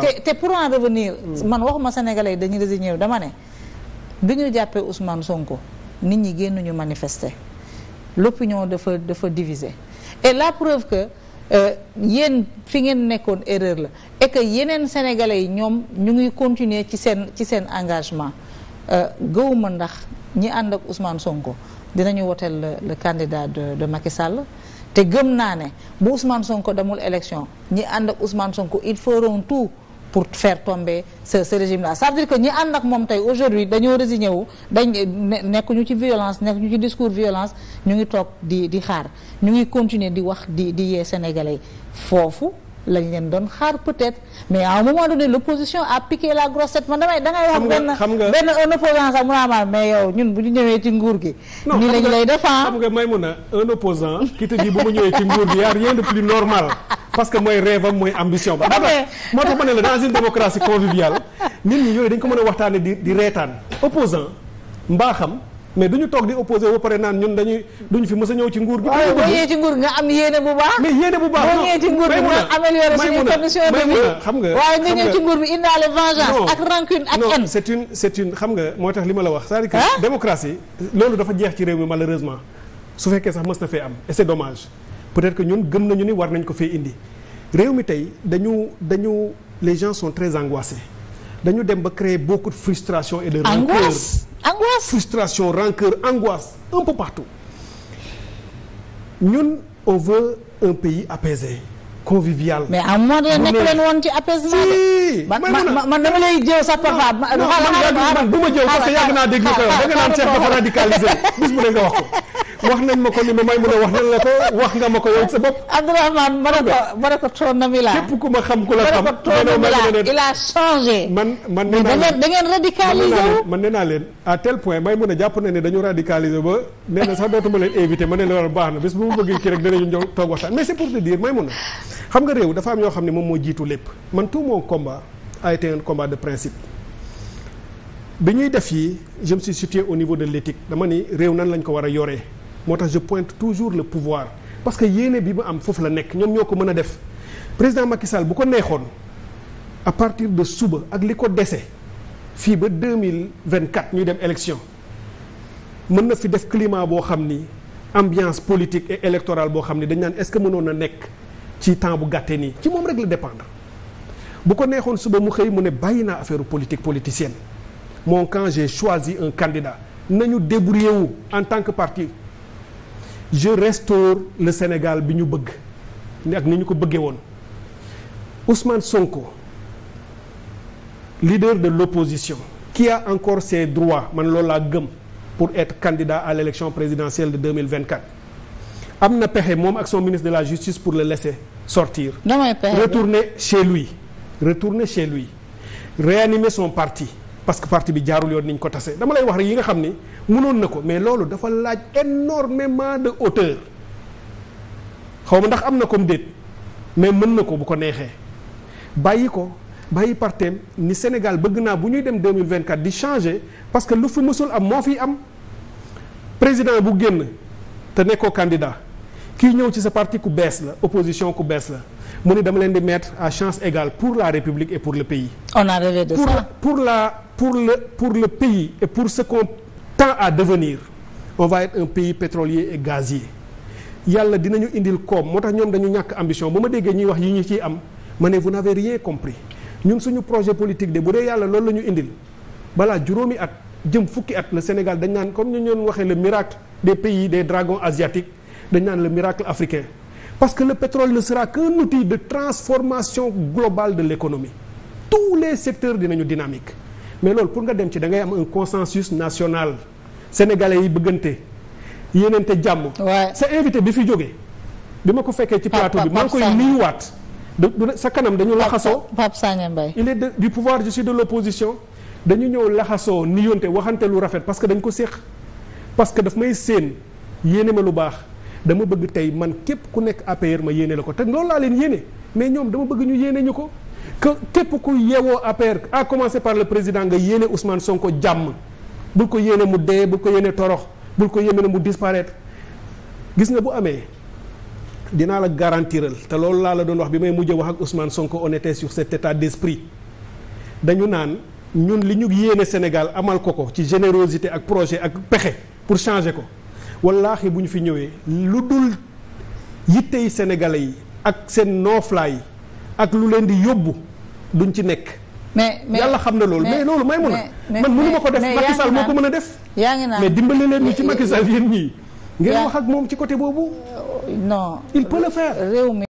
te te pour en revenir man waxuma sénégalais dañuy résigné dama ne bi ñu jàppee Ousmane Sonko nit ñi génnuñu manifester l'opinion dafa dafa diviser et la preuve que euh, yéen fi ngeen nekkoon erreur la et que yeneen sénégalais yi ñoom ñu ngi continuer ci seen ci seen engagement euh, gëwuma ndax ñi ànd ak Ousmane Sonko dinañu woteel le le candidat de de Macky te gëm naa ne bu Ousmane Sonko demul élection ñi ànd ak Ousmane Sonko ils feront tout pour faire tomber ce ce régime là ça dire que ñi ànd ak moom tey aujourd'hui dañoo résigné wu dañ nekk ñu ci violence nekk ñu ci discours violence ñu ngi toog di di xaar ñu ngi continuer di wax di di yee sénégalais foofu lañ leen doon xaar peut-être mais à un moment donné l'opposition a piqué la grosse tête damay da wax benn benn un opposant sax mu naa ah, ma mais yow ñun bu ñu ñëwee ci nguur gi nii lañ lay défend ah. xam nga may mun a un opposant qui te dit bu ma ñëwee ci nguur gi y a plus normal parce que mooy rêve am mooy ambition ba moo tax ma ne la dans une démocratie conviviale nit ñi yooyu dañ ko mën a waxtaane di di reetaan opposant mbaa xam mais ñu toog di opposé ba pare naan ñun dañuy duñu fi mës a ñëw ci nguur gi. waaye boo ñëwee ci nguur nga am yéene bu baax. mais yéene bu baax boo ñëwee ci nguur bi nga améliorer suñu condition de xam nga waaye nga ñëw ci nguur bi indaale vengeance ak rancune xam nga moo tax li ma la wax. c'est-à-dire que démocratie loolu dafa jeex ci réew mi malheureusement su fekkee sax mës na fee am et c'est dommage peut-être que ñun gëm nañu ni war nañ ko fee indi réew mi tey dañu dañu les gens sont très angoissés dañu dem ba créer beaucoup de frustration et de rancœur. angoisse frustration rancœur angoisse un peu partout ñun on veut un pays apaisé convivial. a à a moment donné nekk leen woon ci apaisement de. man man dama lay jëw sax papa. non man man du ma jëw parce que yàgg naa dégg ko yow da nga naan Cheikh bis bu ne nga wax wax nañ ma ko li ma may mun a wax nañ la ko wax nga ma ko yow sa bopp. Abdourahmane ma ne ko ma ko ton na mi laa. képp ku ma xam ku la xam ma ne man man nee naa leen da ngeen man nee naa leen à tel point may mun a jàpp na ne dañu radicalisé ba nee na sax dootuma leen invité ma ne loolu baax na bés bu ma bëgg kii rek danañu ñëw toog waxtaan mais c'est pour te dire may mun a xam nga réew dafa am yoo xam ne moom moo jiitu lépp man tout mon combat a été un combat de principe. ñuy def yi je me suis au niveau de l'éthique dama ni réew nan lañ ko war a yoree moo tax je pointe toujours le pouvoir parce que yéene bi mu am foofu la nekk ñoom ñoo ko mën a def président Macky Sall bu ko neexoon à partir de suba ak li ko dese fii ba deux mille vingt quatre ñuy dem élection mën na fi def climat boo xam ni ambiance politique et électorale boo xam ni dañu naan est-ce que mënoon na nekk ci temps bu gàttee nii ci moom rek la dépendre bu ko neexoon suba mu xëy mu ne bàyyi naa affaire politique politicienne mon camp j'ai choisi un candidat nañu débrouiller wu en tant que parti je restaure le Sénégal bi ñu bëgg ak ni ñu ko bëggee woon Ousmane Sonko leader de l'opposition qui a encore ses droits man loolu laa gëm pour être candidat à l'élection présidentielle de 2024 am na pexe moom ak son ministre de la justice pour le laisser sortir retourner chez lui retourner chez lui réanimer son parti parce que parti bi jaarul yoon ni ko tase dama lay wax rek yi nga xam ni mënoon na ko mais loolu dafa laaj énormément de hauteur xaw ma ndax am na comme déet mais mën na ko bu ko neexee bàyyi ko bàyyi parteem ni Sénégal bëgg naa bu ñuy dem 2024 di changer parce que lu fi mësul am moo fi am président bu génn te nekkoo candidat kii ñëw ci sa parti ku bees la opposition ku bees la mu ni dama leen di mettre à chance égale pour la République et pour le pays. on a pour, ça pour la pour le pour le pays et pour ce qu'on tend à devenir on va être un pays pétrolier et gazier yàlla dinañu indil koom moo tax ñoom dañu ñàkk ambition ba ma déggee ñuy wax yi ñu ci am ma ne vous n'avez rien compris ñun suñu projet politique de bu dee yàlla loolu la ñu indil balaa juróomi at jëm fukki at le Sénégal dañ naan comme ñu ñoon waxee le miracle des pays des dragons asiatiques dañ naan le miracle africain Parce que le pétrole ne sera qu'un outil de transformation globale de l'économie. Tous les secteurs dinañu dynamique. Mais loolu pour nga dem ci da ngay am un consensus national. Sénégalais yi bëggante yéenante jàmm. sa invité bi fi jógee. bi ma ko fekkee ci plateau bi maa ngi koy nuyuwaat. sa kanam dañu laxasoo Pape Sagna Mbaye il est de, du pouvoir je suis de l'opposition dañu ñëw laxasoo niyonte waxante lu rafet parce que dañ ko séq parce que daf may séen yéene ma lu baax dama bëgg tey man képp ku nekk APR ma yéene la ko te loolu laa leen yéene mais ñoom dama bëgg ñu yéene ñu ko que képp ku yeewoo APR a commencer par le président nga yéene Ousmane Sonko jàmm bul ko yéene mu dee bul ko yéene torox bul ko yéene mu disparaitre gis nga bu amee dinaa la garantiral te loolu laa la doon wax bi may mujj wax ak Ousmane Sonko on était sur cet état d'esprit dañu naan ñun li ñu yéene Sénégal amal ko ko ci générosité ak projet ak pexe pour changer ko wallaahi bu ñu fi ñëwee lu dul yittey sénégalais yi ak seen nooflaay ak lu leen di yóbbu duñ ci nekk. mais mais yàlla xam na loolu mais loolu may mun a. man mënu ma ko def Macky moo ko mën a def. yaa ngi naan mais dimbale leen ñu ci Macky Sall yéen ñii. ngeen wax ak moom ci côté boobu. non il peut le faire